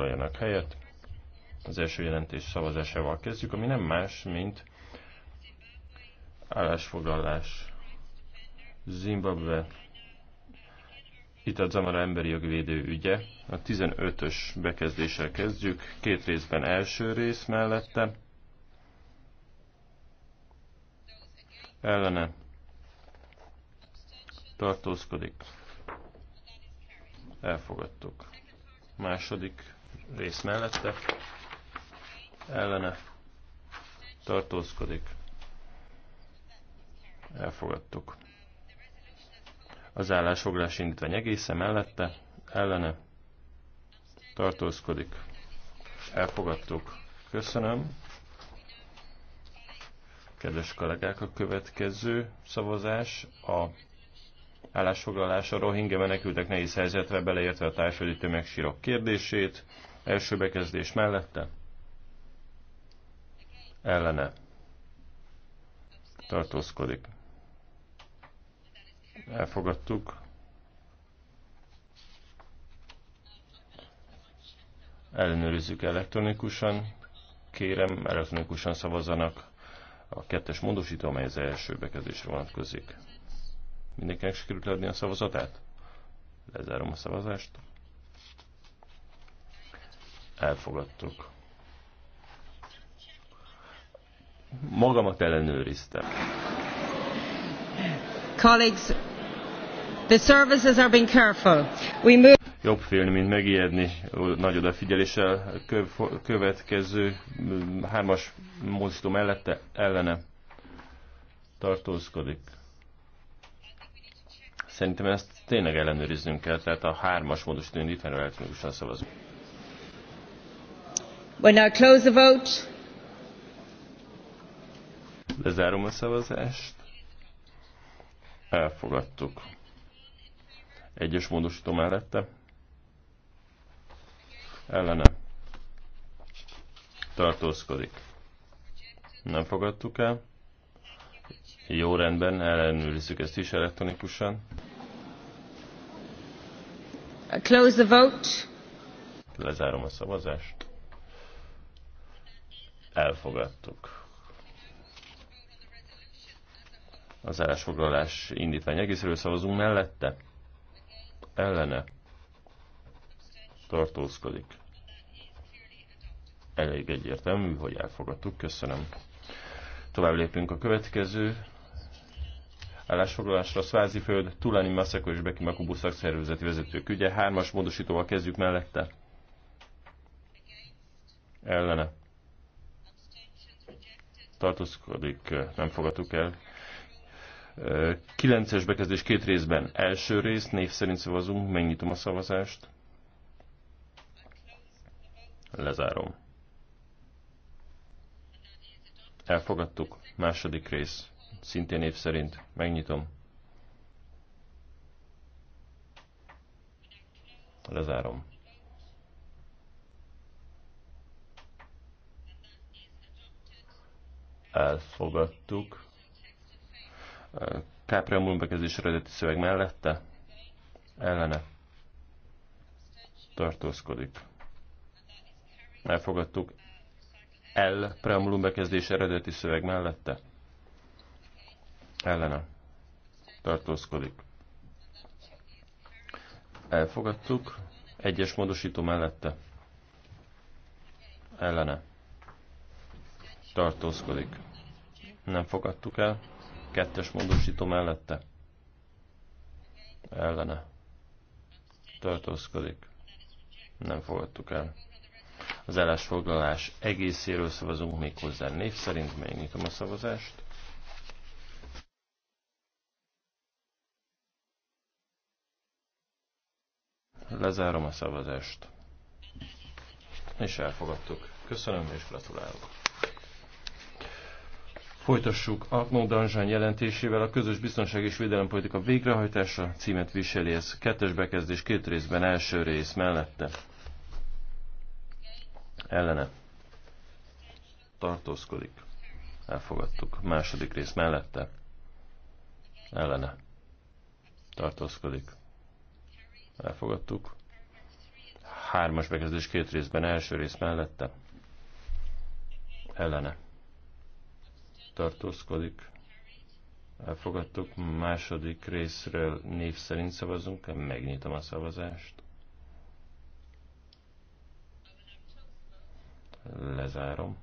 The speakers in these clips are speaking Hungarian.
foglaljanak helyet. Az első jelentés szavazásával kezdjük, ami nem más, mint állásfoglalás Zimbabwe itt a Zamara emberi védő ügye. A 15-ös bekezdéssel kezdjük. Két részben első rész mellette. Ellene. Tartózkodik. Elfogadtuk. Második rész mellette ellene tartózkodik. Elfogadtuk. Az állásfoglás indítvány egészen mellette ellene tartózkodik. Elfogadtuk. Köszönöm. Kedves kollégák, a következő szavazás a a rohingya menekültek nehéz helyzetre beleértve a társadalmi tömegsírok kérdését. Első bekezdés mellette. Ellene. Tartózkodik. Elfogadtuk. Ellenőrizzük elektronikusan. Kérem, elektronikusan szavazzanak a kettes módosító, amely az első bekezdésre vonatkozik. Mindenkinek sikerült adni a szavazatát? Lezárom a szavazást elfogadtuk. Magamat ellenőriztem. Colleagues, the services are being careful. We move... Jobb félni, mint megijedni. Nagy odafigyeléssel következő hármas mozdító mellette ellene tartózkodik. Szerintem ezt tényleg ellenőriznünk kell, tehát a hármas módosító indítványra elektronikusan szavazunk. We now close the vote. Lezárom a szavazást. Elfogadtuk. Egyes módosítom mellette. Ellene. Tartózkodik. Nem fogadtuk el. Jó rendben, ellenőrizzük ezt is elektronikusan. close the vote. Lezárom a szavazást elfogadtuk. Az állásfoglalás indítvány egészről szavazunk mellette, ellene tartózkodik. Elég egyértelmű, hogy elfogadtuk, köszönöm. Tovább lépünk a következő állásfoglalásra föld, Tulani Maszeko és Beki Makubu szakszervezeti vezetők ügye. Hármas módosítóval kezdjük mellette. Ellene tartózkodik, nem fogadtuk el. Kilences bekezdés két részben. Első rész, név szerint szavazunk, megnyitom a szavazást. Lezárom. Elfogadtuk. Második rész. Szintén név szerint. Megnyitom. Lezárom. elfogadtuk. Kápreambulum bekezdés eredeti szöveg mellette, ellene tartózkodik. Elfogadtuk. el preambulum bekezdés eredeti szöveg mellette, ellene tartózkodik. Elfogadtuk. Egyes módosító mellette, ellene tartózkodik. Nem fogadtuk el. Kettes módosító mellette. Ellene. Tartózkodik. Nem fogadtuk el. Az állásfoglalás egészéről szavazunk még hozzá név szerint. Megnyitom a szavazást. Lezárom a szavazást. És elfogadtuk. Köszönöm és gratulálok. Folytassuk Arnaud Danjean jelentésével a közös biztonság és védelempolitika végrehajtása címet viseli ez. Kettes bekezdés két részben első rész mellette. Ellene. Tartózkodik. Elfogadtuk. Második rész mellette. Ellene. Tartózkodik. Elfogadtuk. Hármas bekezdés két részben első rész mellette. Ellene tartózkodik, elfogadtuk. Második részről név szerint szavazunk, megnyitom a szavazást. Lezárom.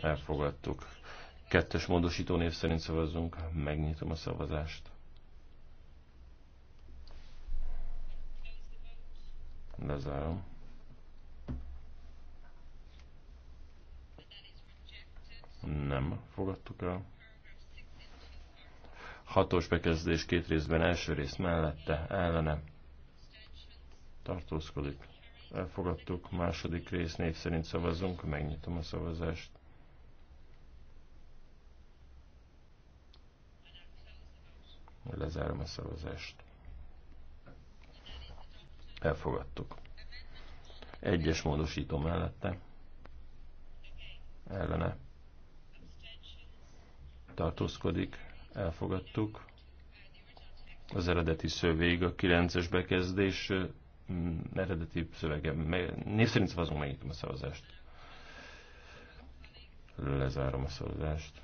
Elfogadtuk. Kettes módosító név szerint szavazunk, megnyitom a szavazást. Lezárom. nem fogadtuk el. Hatos bekezdés két részben, első rész mellette, ellene tartózkodik. Elfogadtuk, második rész név szerint szavazunk, megnyitom a szavazást. Lezárom a szavazást. Elfogadtuk. Egyes módosító mellette. Ellene tartózkodik, elfogadtuk. Az eredeti szöveg, a 9-es bekezdés mm, eredeti szövege. Név szerint szavazunk, megnyitom a szavazást. Lezárom a szavazást.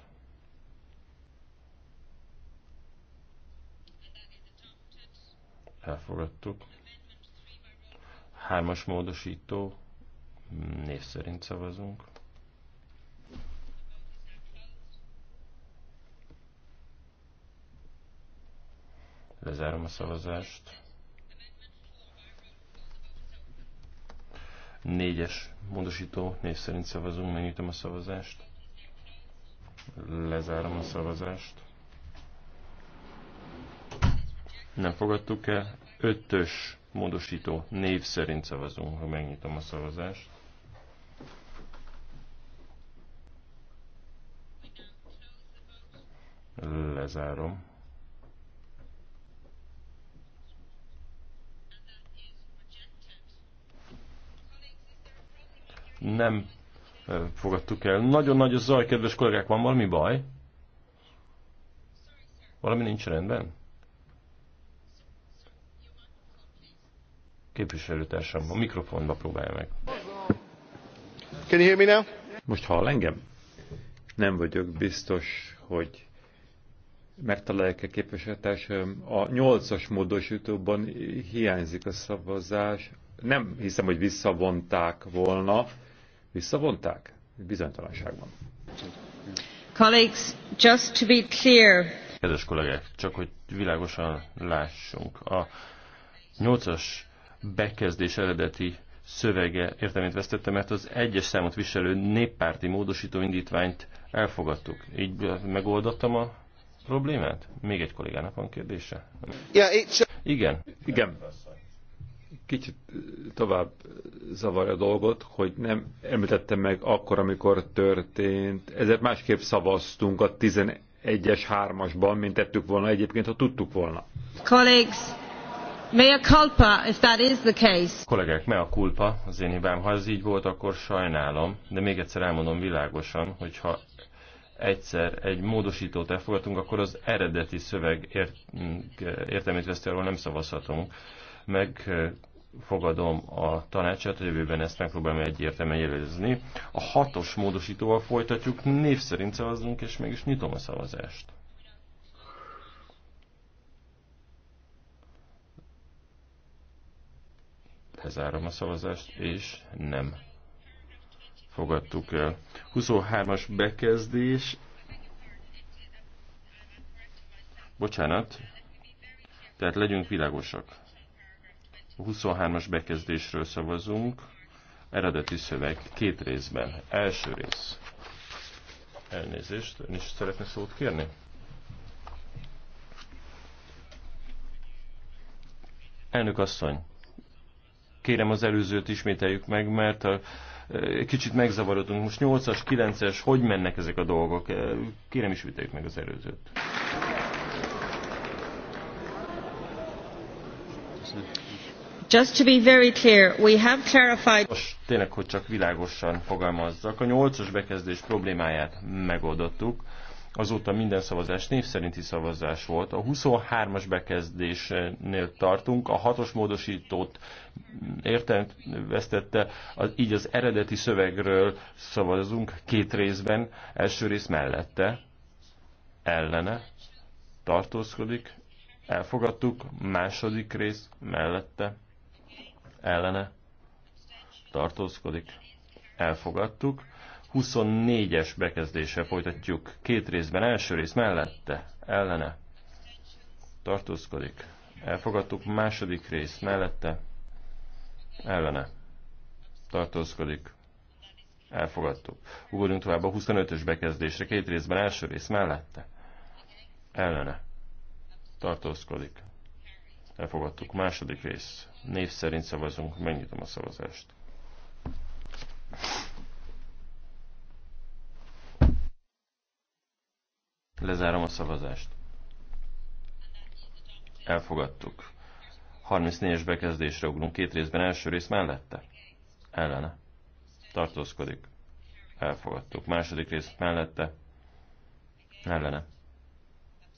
Elfogadtuk. Hármas módosító. Név szerint szavazunk. Lezárom a szavazást. Négyes módosító név szerint szavazunk, megnyitom a szavazást. Lezárom a szavazást. Nem fogadtuk el. Ötös módosító név szerint szavazunk, ha megnyitom a szavazást. Lezárom. nem fogadtuk el. Nagyon nagy a zaj, kedves kollégák, van valami baj? Valami nincs rendben? Képviselőtársam, a mikrofonba próbálja meg. Can you hear me now? Most hall engem? Nem vagyok biztos, hogy megtalálják-e képviselőtársam. A nyolcas módosítóban hiányzik a szavazás. Nem hiszem, hogy visszavonták volna Visszavonták? Bizonytalanságban. Kedves kollégák, csak hogy világosan lássunk. A 8-as bekezdés eredeti szövege értelmét vesztette, mert az egyes számot viselő néppárti módosító indítványt elfogadtuk. Így megoldottam a problémát? Még egy kollégának van kérdése? Igen. Igen kicsit tovább zavarja a dolgot, hogy nem említettem meg akkor, amikor történt. Ezért másképp szavaztunk a 11-es 3-asban, mint tettük volna egyébként, ha tudtuk volna. Colleagues, mea culpa, if that is the case. Kollégák, mea culpa, az én hibám. Ha ez így volt, akkor sajnálom, de még egyszer elmondom világosan, hogyha egyszer egy módosítót elfogadtunk, akkor az eredeti szöveg ért, értelmét vesztőről nem szavazhatunk meg fogadom a tanácsát, a jövőben ezt megpróbálom egyértelműen jelezni. A hatos módosítóval folytatjuk, név szerint szavazunk, és mégis nyitom a szavazást. Lezárom a szavazást, és nem fogadtuk el. 23-as bekezdés. Bocsánat. Tehát legyünk világosak 23-as bekezdésről szavazunk. Eredeti szöveg két részben. Első rész. Elnézést, ön is szeretne szót kérni? Elnök asszony, kérem az előzőt ismételjük meg, mert a, kicsit megzavarodunk. Most 8-as, 9-es, hogy mennek ezek a dolgok? Kérem ismételjük meg az előzőt. Just to be very clear, we have clarified... Most tényleg, hogy csak világosan fogalmazzak, a nyolcas bekezdés problémáját megoldottuk, azóta minden szavazás név szerinti szavazás volt. A 23-as bekezdésnél tartunk, a hatos módosítót értelmet vesztette, az, így az eredeti szövegről szavazunk két részben, első rész mellette, ellene, tartózkodik, elfogadtuk, második rész mellette, ellene tartózkodik, elfogadtuk. 24-es bekezdéssel folytatjuk két részben, első rész mellette, ellene tartózkodik, elfogadtuk, második rész mellette, ellene tartózkodik, elfogadtuk. Ugorjunk tovább a 25-ös bekezdésre, két részben, első rész mellette, ellene tartózkodik, Elfogadtuk. Második rész. Név szerint szavazunk. Megnyitom a szavazást. Lezárom a szavazást. Elfogadtuk. 34-es bekezdésre ugrunk két részben, első rész mellette. Ellene. Tartózkodik. Elfogadtuk. Második rész mellette. Ellene.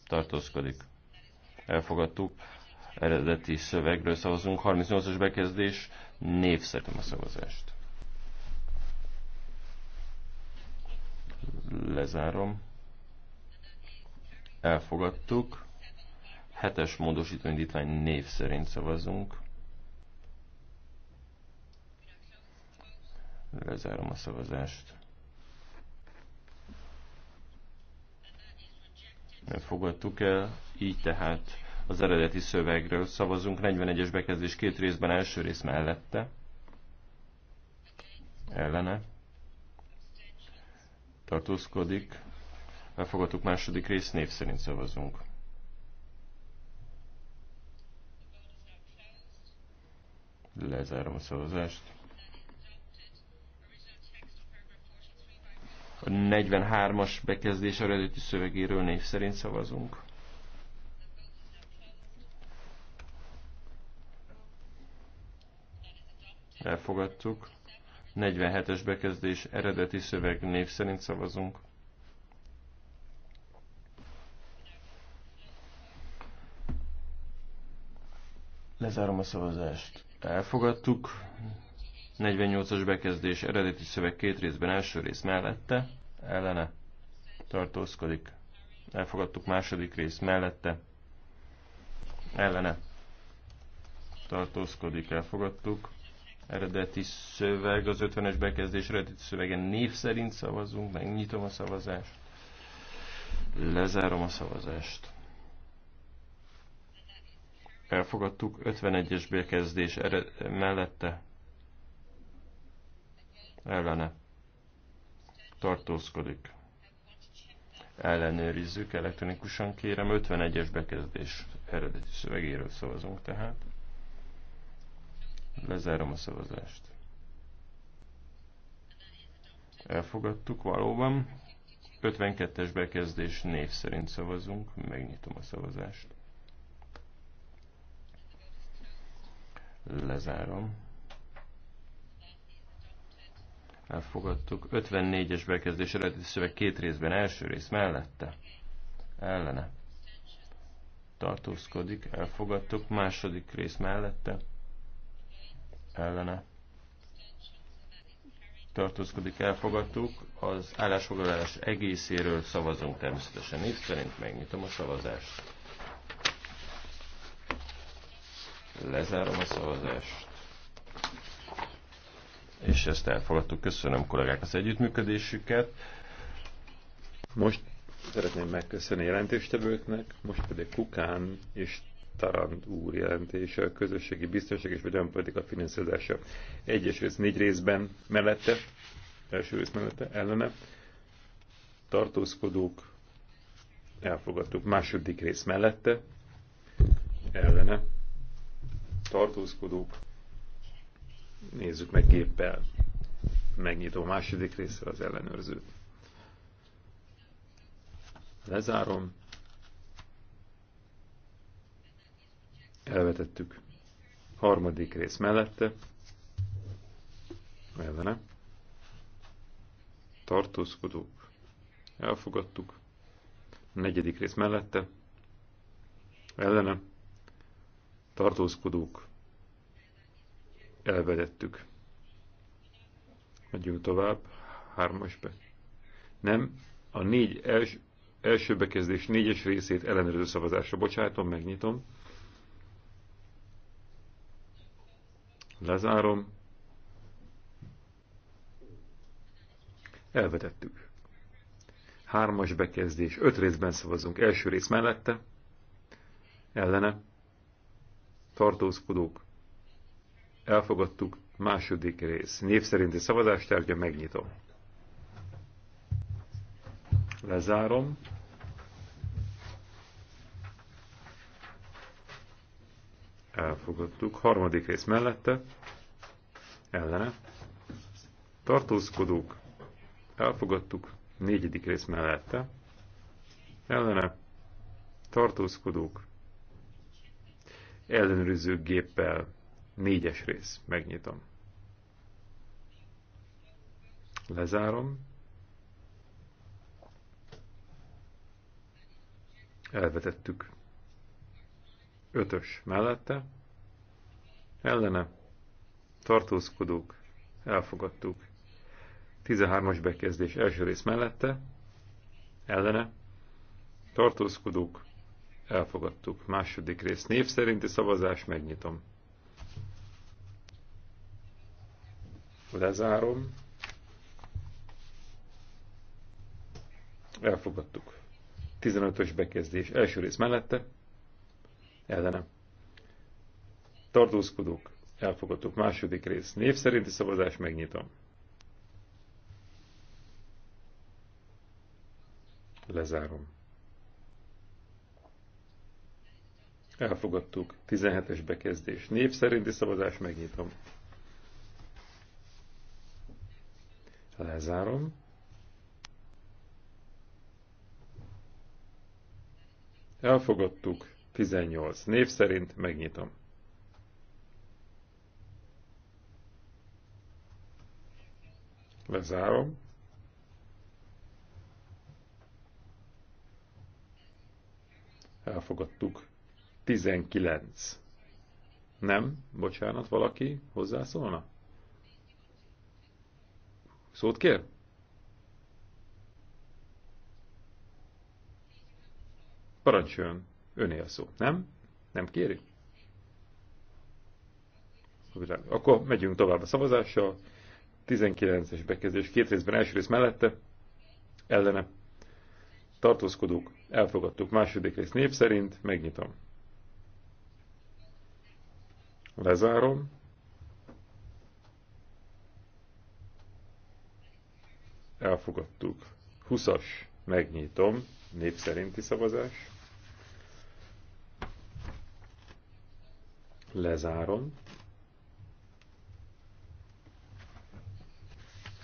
Tartózkodik. Elfogadtuk eredeti szövegről szavazunk. 38-as bekezdés, név a szavazást. Lezárom. Elfogadtuk. Hetes módosító indítvány név szerint szavazunk. Lezárom a szavazást. Nem fogadtuk el, így tehát az eredeti szövegről szavazunk. 41-es bekezdés két részben első rész mellette. Ellene. Tartózkodik. Elfogadtuk második rész, név szerint szavazunk. Lezárom a szavazást. A 43-as bekezdés eredeti szövegéről név szerint szavazunk. elfogadtuk. 47-es bekezdés eredeti szöveg név szerint szavazunk. Lezárom a szavazást. Elfogadtuk. 48-as bekezdés eredeti szöveg két részben első rész mellette, ellene tartózkodik. Elfogadtuk második rész mellette, ellene tartózkodik, elfogadtuk eredeti szöveg, az 50-es bekezdés eredeti szövegen név szerint szavazunk, megnyitom a szavazást, lezárom a szavazást. Elfogadtuk 51-es bekezdés ered mellette, ellene tartózkodik. Ellenőrizzük elektronikusan, kérem, 51-es bekezdés eredeti szövegéről szavazunk tehát. Lezárom a szavazást. Elfogadtuk valóban. 52-es bekezdés név szerint szavazunk. Megnyitom a szavazást. Lezárom. Elfogadtuk. 54-es bekezdés eredeti szöveg két részben. Első rész mellette. Ellene. Tartózkodik. Elfogadtuk. Második rész mellette ellene tartózkodik, elfogadtuk. Az állásfoglalás egészéről szavazunk természetesen név szerint. Megnyitom a szavazást. Lezárom a szavazást. És ezt elfogadtuk. Köszönöm kollégák az együttműködésüket. Most szeretném megköszönni jelentéstevőknek, most pedig Kukán és Tarand úr jelentése a közösségi biztonság és védelempolitika finanszírozása. Egyes rész négy részben mellette, első rész mellette, ellene. Tartózkodók elfogadtuk. Második rész mellette, ellene. Tartózkodók. Nézzük meg géppel. Megnyitom a második részre az ellenőrzőt. Lezárom. Elvetettük. Harmadik rész mellette. Ellene. Tartózkodók. Elfogadtuk. Negyedik rész mellette. Ellene. Tartózkodók. Elvetettük. Megyünk tovább. hármasbe. Nem. A négy els, első bekezdés négyes részét ellenőrző szavazásra bocsájtom, megnyitom. Lezárom. Elvetettük. Hármas bekezdés. Öt részben szavazunk. Első rész mellette. Ellene. Tartózkodók. Elfogadtuk. Második rész. Név szerinti szavazástárgya megnyitom. Lezárom. elfogadtuk. Harmadik rész mellette, ellene, tartózkodók, elfogadtuk. Negyedik rész mellette, ellene, tartózkodók, ellenőrző géppel, négyes rész, megnyitom. Lezárom. Elvetettük. Ötös mellette ellene tartózkodók elfogadtuk. 13-as bekezdés első rész mellette ellene tartózkodók elfogadtuk. Második rész név szerinti szavazás megnyitom. Lezárom. Elfogadtuk. 15-ös bekezdés első rész mellette ellenem tartózkodók, elfogadtuk. Második rész, név szerinti szavazás, megnyitom. Lezárom. Elfogadtuk. 17-es bekezdés. Név szerinti szavazás, megnyitom. Lezárom. Elfogadtuk. 18. Név szerint megnyitom. Lezárom. Elfogadtuk. 19. Nem? Bocsánat, valaki hozzászólna? Szót kér? Parancsoljon, öné a szó, nem? Nem kéri? Akkor megyünk tovább a szavazással. 19-es bekezdés két részben első rész mellette, ellene tartózkodók, elfogadtuk második rész név szerint, megnyitom. Lezárom. Elfogadtuk. 20-as, megnyitom, név szerinti szavazás. Lezárom.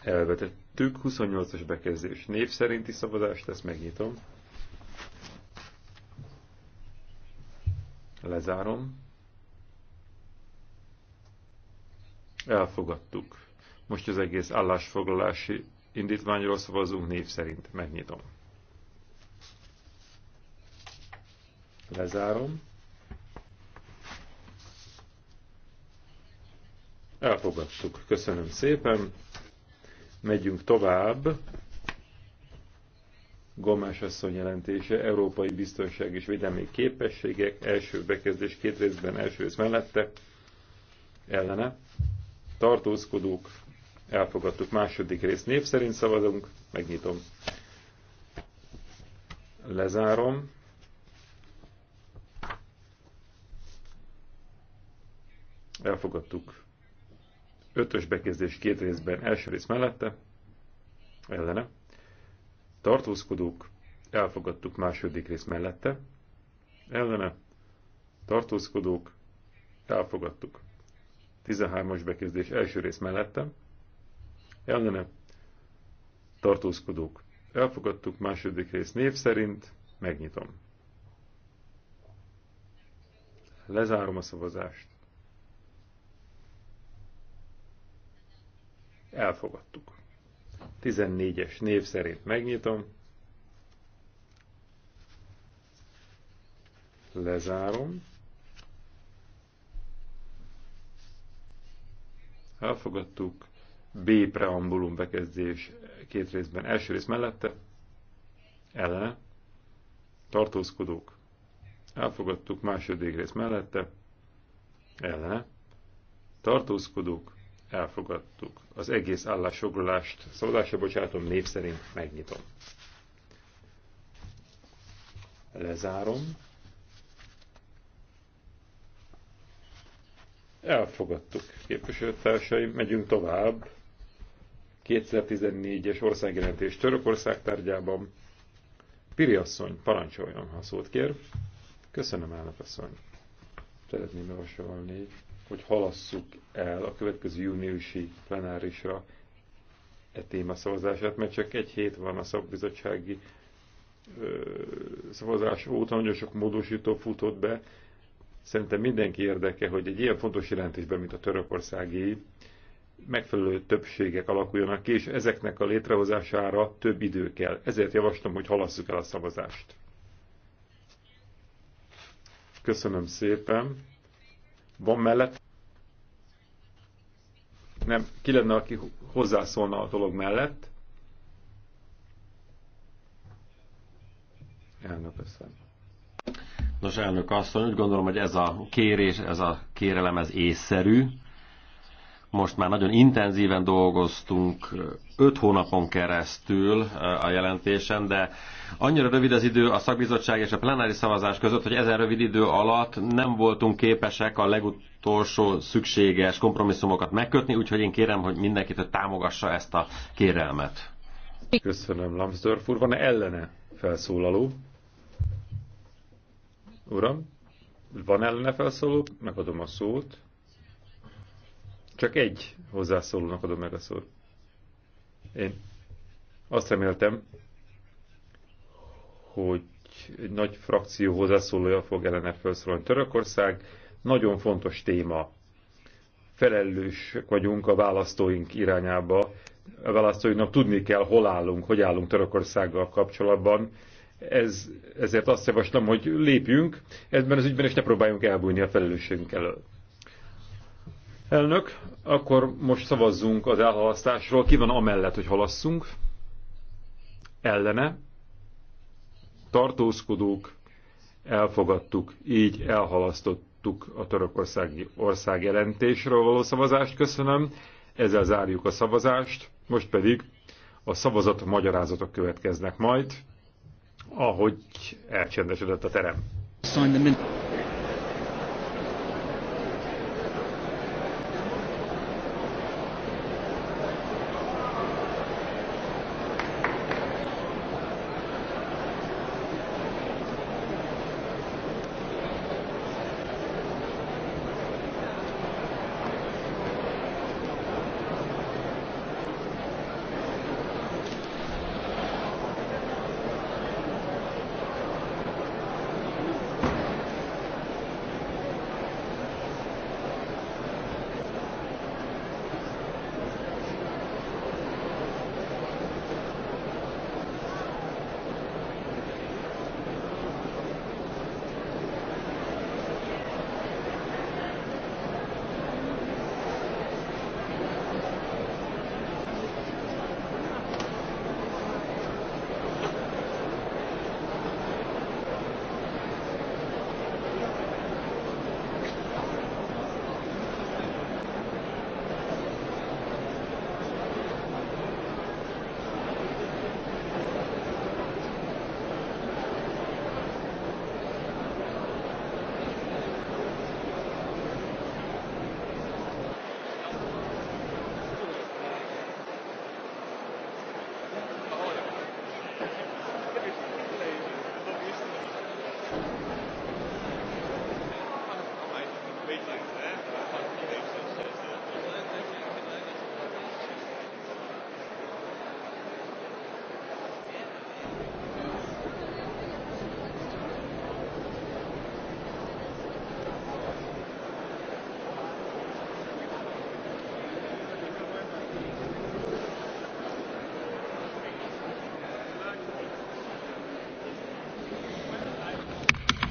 elvetettük. 28-as bekezdés név szerinti szavazást, ezt megnyitom. Lezárom. Elfogadtuk. Most az egész állásfoglalási indítványról szavazunk név szerint. Megnyitom. Lezárom. Elfogadtuk. Köszönöm szépen. Megyünk tovább. Gomás asszony jelentése, Európai Biztonság és Védelmi Képességek, első bekezdés két részben, első rész mellette, ellene, tartózkodók, elfogadtuk második rész, név szerint szavazunk, megnyitom, lezárom, elfogadtuk Ötös bekezdés két részben első rész mellette, ellene. Tartózkodók, elfogadtuk második rész mellette, ellene. Tartózkodók, elfogadtuk. 13-as bekezdés első rész mellette, ellene. Tartózkodók, elfogadtuk második rész név szerint, megnyitom. Lezárom a szavazást. Elfogadtuk. 14-es név szerint megnyitom. Lezárom. Elfogadtuk. B preambulum bekezdés két részben. Első rész mellette. Ellene. Tartózkodók. Elfogadtuk második rész mellette. Ellene. Tartózkodók elfogadtuk. Az egész állásfoglalást szabadásra bocsátom, név szerint megnyitom. Lezárom. Elfogadtuk, képviselőtársaim, megyünk tovább. 2014-es országjelentés Törökország tárgyában. Piri asszony, parancsoljon, ha szót kér. Köszönöm, elnök asszony. Szeretném javasolni hogy halasszuk el a következő júniusi plenárisra e téma szavazását, mert csak egy hét van a szakbizottsági szavazás óta, nagyon sok módosító futott be. Szerintem mindenki érdeke, hogy egy ilyen fontos jelentésben, mint a törökországi, megfelelő többségek alakuljanak ki, és ezeknek a létrehozására több idő kell. Ezért javaslom, hogy halasszuk el a szavazást. Köszönöm szépen! Van mellett? Nem, ki lenne, aki hozzászólna a dolog mellett? Elnök, köszönöm. Nos, elnök asszony, úgy gondolom, hogy ez a kérés, ez a kérelem, ez észszerű. Most már nagyon intenzíven dolgoztunk öt hónapon keresztül eh, a jelentésen, de annyira rövid az idő a szakbizottság és a plenáris szavazás között, hogy ezen rövid idő alatt nem voltunk képesek a legutolsó szükséges kompromisszumokat megkötni, úgyhogy én kérem, hogy mindenkit hogy támogassa ezt a kérelmet. Köszönöm, Lambsdorff úr. Van-e ellene felszólaló? Uram, van ellene felszóló? Megadom a szót. Csak egy hozzászólónak adom meg a szót. Én azt reméltem, hogy egy nagy frakció hozzászólója fog ellene felszólalni. Törökország nagyon fontos téma. Felelős vagyunk a választóink irányába. A választóinknak tudni kell, hol állunk, hogy állunk Törökországgal kapcsolatban. Ez, ezért azt javaslom, hogy lépjünk ebben az ügyben, és ne próbáljunk elbújni a felelősségünk elől. Elnök, akkor most szavazzunk az elhalasztásról. Ki van amellett, hogy halasszunk? Ellene? Tartózkodók? Elfogadtuk, így elhalasztottuk a törökországi ország jelentésről való szavazást. Köszönöm. Ezzel zárjuk a szavazást. Most pedig a szavazat magyarázatok következnek majd, ahogy elcsendesedett a terem.